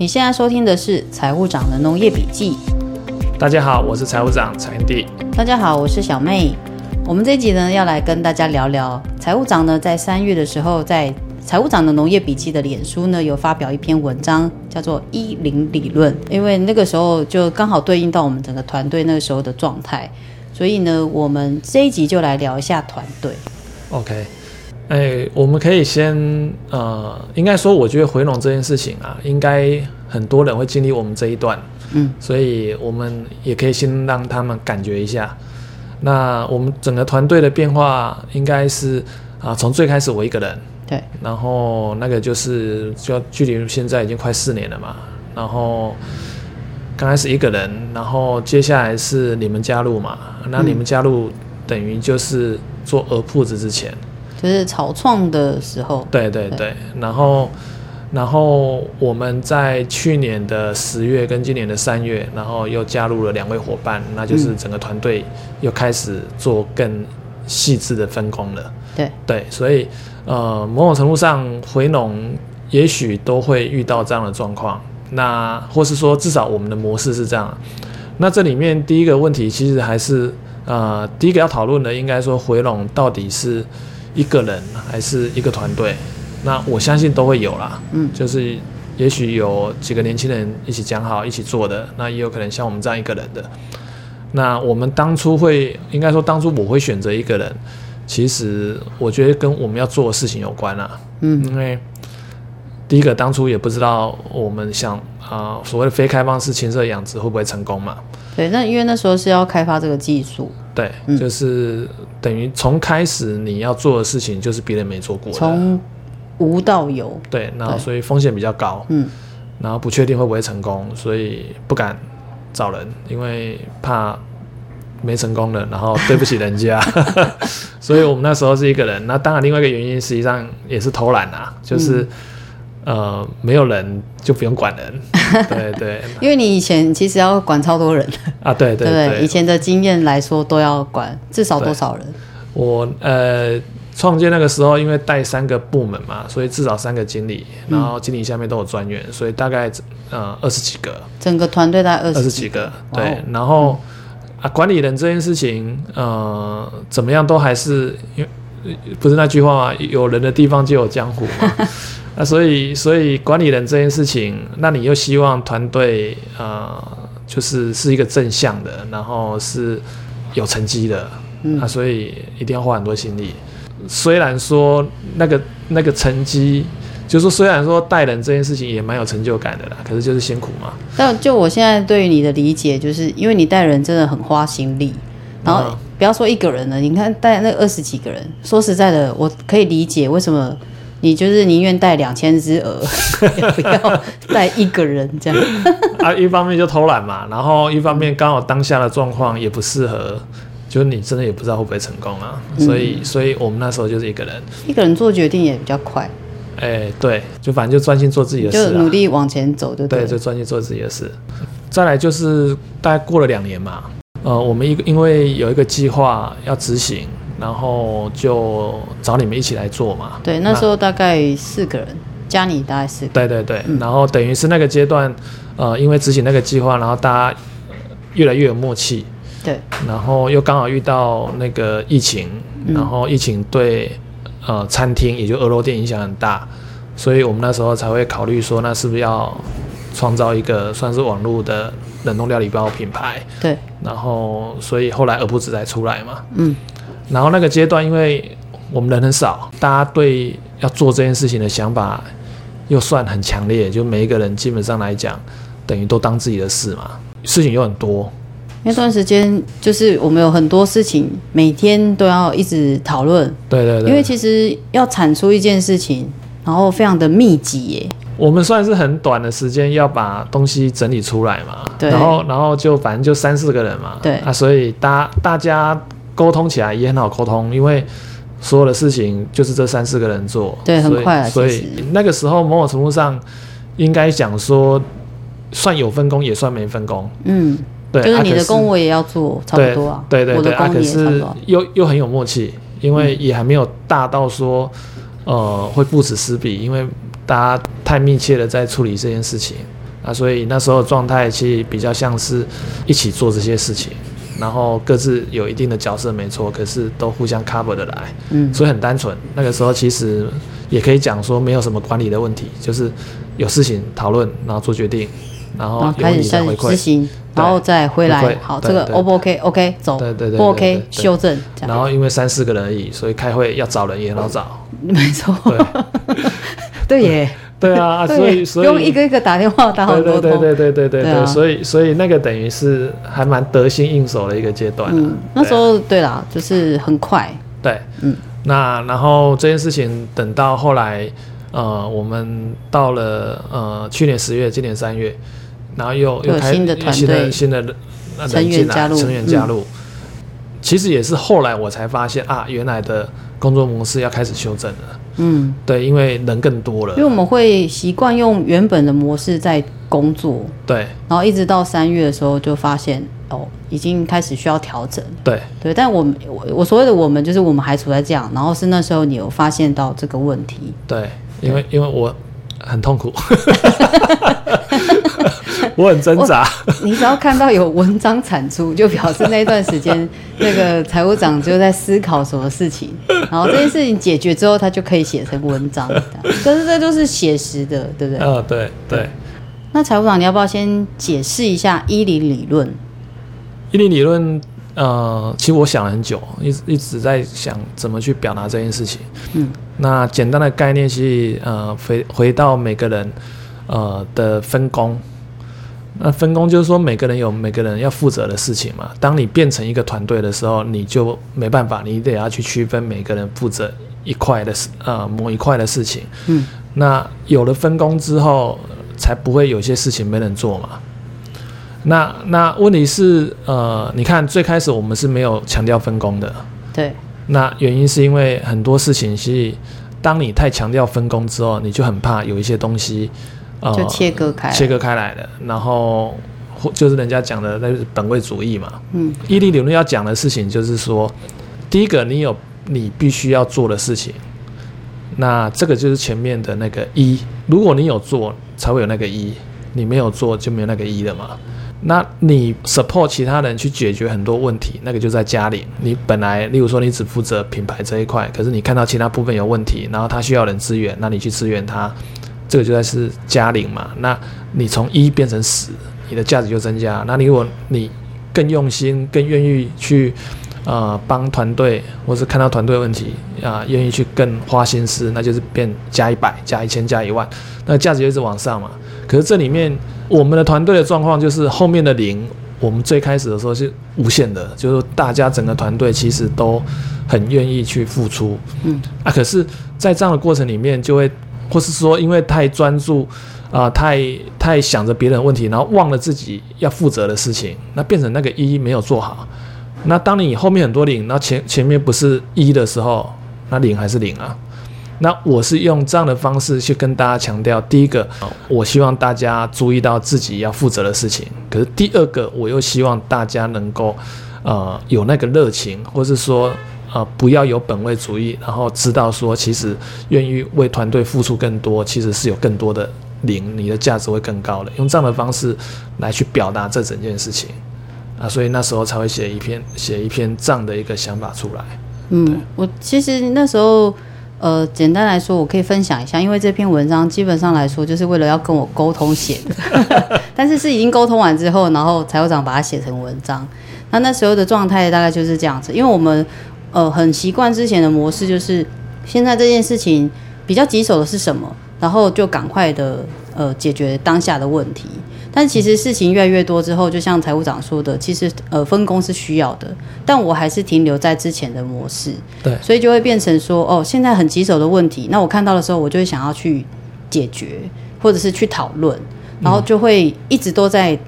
你現在收聽的是《財務長的農業筆記》。大家好，我是財務長彩弟。大家好，我是小妹。我們這一集呢，要來跟大家聊聊財務長呢，在三月的時候，在《財務長的農業筆記》的臉書呢，有發表一篇文章，叫做“一零理論”。因為那個時候就剛好對應到我們整個團隊那個時候的狀態，所以呢，我們這一集就來聊一下團隊。OK。哎、欸，我們可以先呃，應該說，我覺得回籠這件事情啊，應該很多人會經歷我們這一段，嗯，所以我們也可以先讓他們感覺一下。那我們整個團隊的變化應該是啊，從、呃、最開始我一個人，對，然後那個就是就距離現在已經快四年了嘛，然後剛開始一個人，然後接下來是你們加入嘛，那你們加入等於就是做鵝鋪子之前。就是草創的時候，對對對,對，然後，然後我們在去年的十月跟今年的三月，然後又加入了兩位夥伴，那就是整個團隊又開始做更細緻的分工了。嗯、對對，所以呃，某種程度上回農也許都會遇到這樣的狀況，那或是說至少我們的模式是這樣。那這裡面第一個問題其實還是呃，第一個要討論的應該說回農到底是。一個人還是一個團隊，那我相信都會有啦。嗯，就是也許有幾個年輕人一起講好一起做的，那也有可能像我們這樣一個人的。那我們當初會應該說當初我會選擇一個人，其實我覺得跟我們要做的事情有關啦、啊。嗯，因為第一個當初也不知道我們想啊、呃、所謂的非開放式青色養殖會不會成功嘛。對，那因為那時候是要開發這個技術，對、嗯，就是等於從開始你要做的事情就是別人沒做過的，從無到有。對，然後所以風險比較高，嗯，然後不確定會不會成功、嗯，所以不敢找人，因為怕沒成功了，然後對不起人家。 所以我們那時候是一個人，那當然另外一個原因實際上也是偷懶啊，就是。嗯呃，沒有人就不用管人，對對。 因為你以前其實要管超多人啊，對對對、對。以前的經驗來說，都要管至少多少人？我呃，創建那個時候，因為帶三個部門嘛，所以至少三個經理，然後經理下面都有專員、嗯，所以大概呃二十幾個。整個團隊大概二十幾個，幾個哦、對。然後、嗯啊、管理人這件事情，呃，怎麼樣都還是，因為不是那句話嗎？有人的地方就有江湖嘛。 那、啊、所以，所以管理人這件事情，那你又希望團隊，呃，就是是一個正向的，然後是有成績的。嗯、啊，所以一定要花很多心力。雖然說那個那個成績，就是說雖然說帶人這件事情也蠻有成就感的啦，可是就是辛苦嘛。但就我現在對於你的理解，就是因為你帶人真的很花心力，然後不要說一個人了，你看帶那二十幾個人，說實在的，我可以理解為什麼。你就是寧願帶兩千隻鵝，也不要帶一個人這樣。 啊，一方面就偷懶嘛，然後一方面剛好當下的狀況也不適合，就你真的也不知道會不會成功啊、嗯。所以，所以我們那時候就是一個人，一個人做決定也比較快。哎、欸，對，就反正就專心做自己的事、啊，就努力往前走就對。對，就專心做自己的事。再來就是大概過了兩年嘛，呃，我們一個因為有一個計劃要執行。然後就找你們一起來做嘛。對，那時候大概四個人，加你大概四個人。對對對、嗯。然後等於是那個階段，呃，因為執行那個計劃，然後大家越來越有默契。對。然後又剛好遇到那個疫情，嗯、然後疫情對呃餐廳，也就鵝肉店影響很大，所以我們那時候才會考慮說，那是不是要創造一個算是網絡的冷凍料理包品牌？對。然後，所以後來鵝舖子才出來嘛。嗯。然後那個階段，因為我們人很少，大家對要做這件事情的想法又算很強烈，就每一個人基本上來講，等於都當自己的事嘛。事情又很多，那段時間就是我們有很多事情，每天都要一直討論。對對對。因為其實要產出一件事情，然後非常的密集。我們算是很短的時間要把東西整理出來嘛。對。然後然後就反正就三四個人嘛。對。啊，所以大家大家。溝通起來也很好溝通，因為所有的事情就是這三四個人做，對，很快，啊。所以那個時候，某種程度上應該講說，算有分工，也算沒分工。嗯，對，就是你的工我、啊、也要做，差不多，啊對。對對對，對，我的工啊啊，可是又又很有默契，因為也還沒有大到說，呃，會顧此失彼，因為大家太密切的在處理這件事情啊，所以那時候狀態其實比較像是一起做這些事情。然後各自有一定的角色，沒錯，可是都互相 cover 得來，嗯，所以很單純。那個時候其實也可以講說，沒有什麼管理的問題，就是有事情討論，然後做決定，然後再回饋，然後開始執行然後再回來，回饋，好，這個 O 不 OK？OK，走，對，對，對，對，對不 OK，修正。然後因為三四個人而已，所以開會要找人也很好找，沒錯，對， 對耶。對對啊，所以所 用一個一個打電話打好多對對對對對對，對，對，對、啊、所以所以那個等於是還蠻得心應手的一個階段。嗯，那時候對、啊、對啦，就是很快。對，嗯。那然後這件事情等到後來，呃，我們到了呃去年十月，今年三月，然後又又開始新的新的，新的人、啊、成員加入，成員加入、嗯。其實也是後來我才發現啊，原來的工作模式要開始修正了。嗯，對，因為人更多了，因為我們會習慣用原本的模式在工作，對，然後一直到三月的時候就發現哦，已經開始需要調整，對，對，但我們我我所謂的我們就是我們還處在這樣，然後是那時候你有發現到這個問題，對，因為因為我很痛苦。 我很掙扎。 你只要看到有文章產出，就表示那段時間 那個財務長就在思考什麼事情。然後這件事情解決之後，他就可以寫成文章。可是這都是寫實的，對不對？啊、哦，對對，對。那財務長，你要不要先解釋一下1、0理論？1、0理論，呃，其實我想了很久，一一直在想怎麼去表達這件事情。嗯，那簡單的概念是，呃，回回到每個人，呃的分工。那分工就是說，每個人有每個人要負責的事情嘛。當你變成一個團隊的時候，你就沒辦法，你得要去區分每個人負責一塊的事，呃，某一塊的事情。嗯，那有了分工之後，才不會有些事情沒人做嘛。那那問題是，呃，你看最開始我們是沒有強調分工的，對。那原因是因為很多事情是，當你太強調分工之後，你就很怕有一些東西。嗯、就切割開，切割開來的，然後或就是人家講的那是本位主義嘛。嗯，1、0理論要講的事情就是說，第一個你有你必須要做的事情，那這個就是前面的那個一、e,。如果你有做，才會有那個一、e,；你沒有做，就沒有那個一、e、的嘛。那你 support 其他人去解決很多問題，那個就在家裡。你本來，例如說你只負責品牌這一塊，可是你看到其他部分有問題，然後他需要人支援，那你去支援他。這個就算是加零嘛，那你從一變成十，你的價值就增加。那你如果你更用心、更願意去，呃，幫團隊，或是看到團隊問題，啊、呃，願意去更花心思，那就是變加一百、加一千、加一萬，那價值就一直往上嘛。可是這裡面我們的團隊的狀況就是後面的零，我們最開始的時候是無限的，就是大家整個團隊其實都很願意去付出，嗯，啊，可是在這樣的過程裡面就會。或是說，因為太專注，啊、呃，太太想着別人的問題，然後忘了自己要負責的事情，那變成那個一沒有做好。那當你後面很多零，那前前面不是一的時候，那零還是零啊？那我是用這樣的方式去跟大家強調，第一個、呃，我希望大家注意到自己要負責的事情。可是第二個，我又希望大家能夠，呃，有那個熱情，或是說，啊，不要有本位主義，然後知道說，其實願意為團隊付出更多，其實是有更多的零，你的價值會更高的。用這樣的方式來去表達這整件事情啊，所以那時候才會寫一篇寫一篇這樣的一個想法出來。嗯，我其實那時候呃，簡單來說，我可以分享一下，因為這篇文章基本上來說就是為了要跟我溝通寫的， 但是是已經溝通完之後，然後財務長把它寫成文章。那那時候的狀態大概就是這樣子，因為我們。呃，很習慣之前的模式，就是現在這件事情比較棘手的是什麼，然後就趕快的呃解決當下的問題。但其實事情越來越多之後，就像財務長說的，其實呃分工是需要的，但我還是停留在之前的模式，對，所以就會變成說，哦，現在很棘手的問題，那我看到的時候，我就會想要去解決，或者是去討論，然後就會一直都在。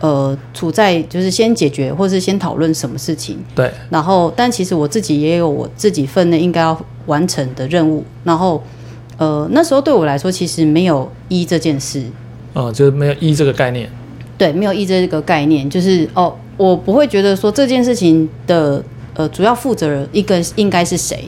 呃，處在就是先解決，或是先討論什麼事情。對。然後，但其實我自己也有我自己分內應該要完成的任務。然後，呃，那時候對我來說，其實沒有一這件事。哦，就是沒有一這個概念。對，沒有一這個概念，就是哦，我不會覺得說這件事情的呃主要負責人一個應該是誰？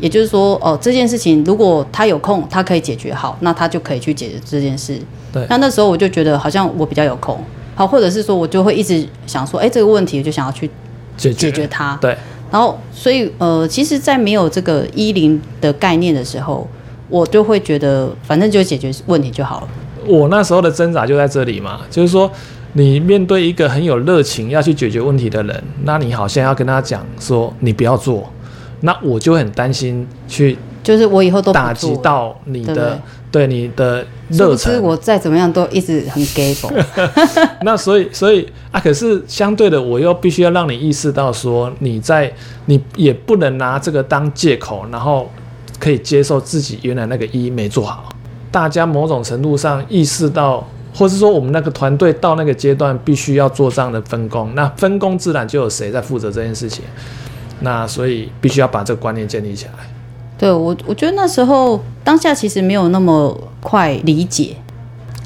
也就是說，哦，這件事情如果他有空，他可以解決好，那他就可以去解決這件事。對。那那時候我就覺得好像我比較有空。好，或者是說我就會一直想說，誒、欸，這個問題我就想要去解決它。決，對，然後所以呃，其實，在沒有這個一零的概念的時候，我就會覺得反正就解決問題就好了。我那時候的掙扎就在這裡嘛，就是說你面對一個很有熱情要去解決問題的人，那你好像要跟他講說你不要做，那我就很擔心去，就是我以後都打擊到你的。對你的熱忱，我再怎麼樣都一直很 grateful。那所以，所以啊，可是相對的，我又必須要讓你意識到，說你在你也不能拿這個當借口，然後可以接受自己原來那個一沒做好。大家某種程度上意識到，或是說我們那個團隊到那個階段必須要做這樣的分工，那分工自然就有誰在負責這件事情。那所以必須要把這個觀念建立起來。對我，我覺得那時候當下其實沒有那麼快理解，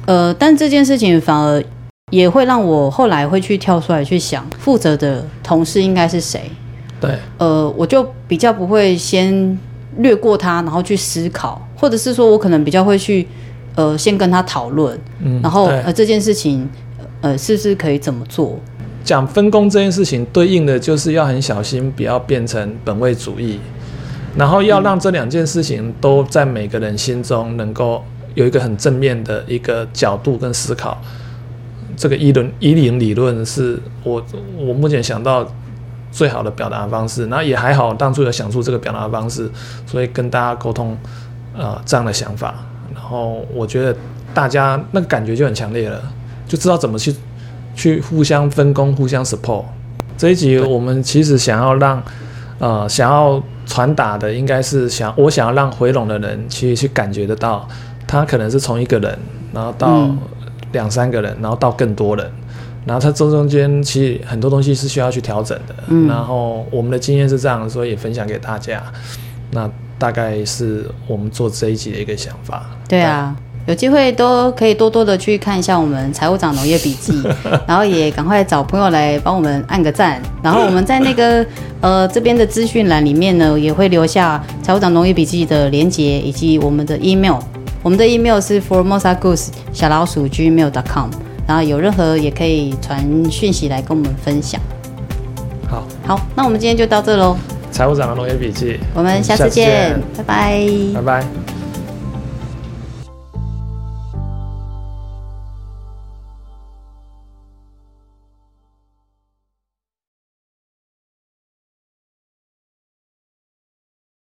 呃，但這件事情反而也會讓我後來會去跳出來去想，負責的同事應該是誰？對，呃，我就比較不會先略過他，然後去思考，或者是說我可能比較會去，呃，先跟他討論，然後、嗯、呃這件事情，呃，是不是可以怎麼做？講分工這件事情，對應的就是要很小心，不要變成本位主義。然後要讓這兩件事情都在每個人心中能夠有一個很正面的一個角度跟思考，這個一輪一零理論是我我目前想到最好的表達方式。那也還好，當初有想出這個表達方式，所以跟大家溝通，呃，這樣的想法。然後我覺得大家那個感覺就很強烈了，就知道怎麼去去互相分工、互相 support。這一集我們其實想要讓呃想要。傳達的應該是想，我想要讓回籠的人去去感覺得到，他可能是從一個人，然後到兩三個人，然後到更多人，嗯、然後他中中間其實很多東西是需要去調整的。嗯、然後我們的經驗是這樣的，所以也分享給大家。那大概是我們做這一集的一個想法。對啊。有機會都可以多多的去看一下我們財務長農業筆記， 然後也趕快找朋友來幫我們按個讚，然後我們在那個 呃，這邊的資訊欄裡面呢，也會留下財務長農業筆記的連結以及我們的 email，我們的 email 是 formosa goose 小老鼠 gmail dot com，然後有任何也可以傳訊息來跟我們分享。好，好，那我們今天就到這嘍，財務長的農業筆記我，我們下次見，拜拜，拜拜。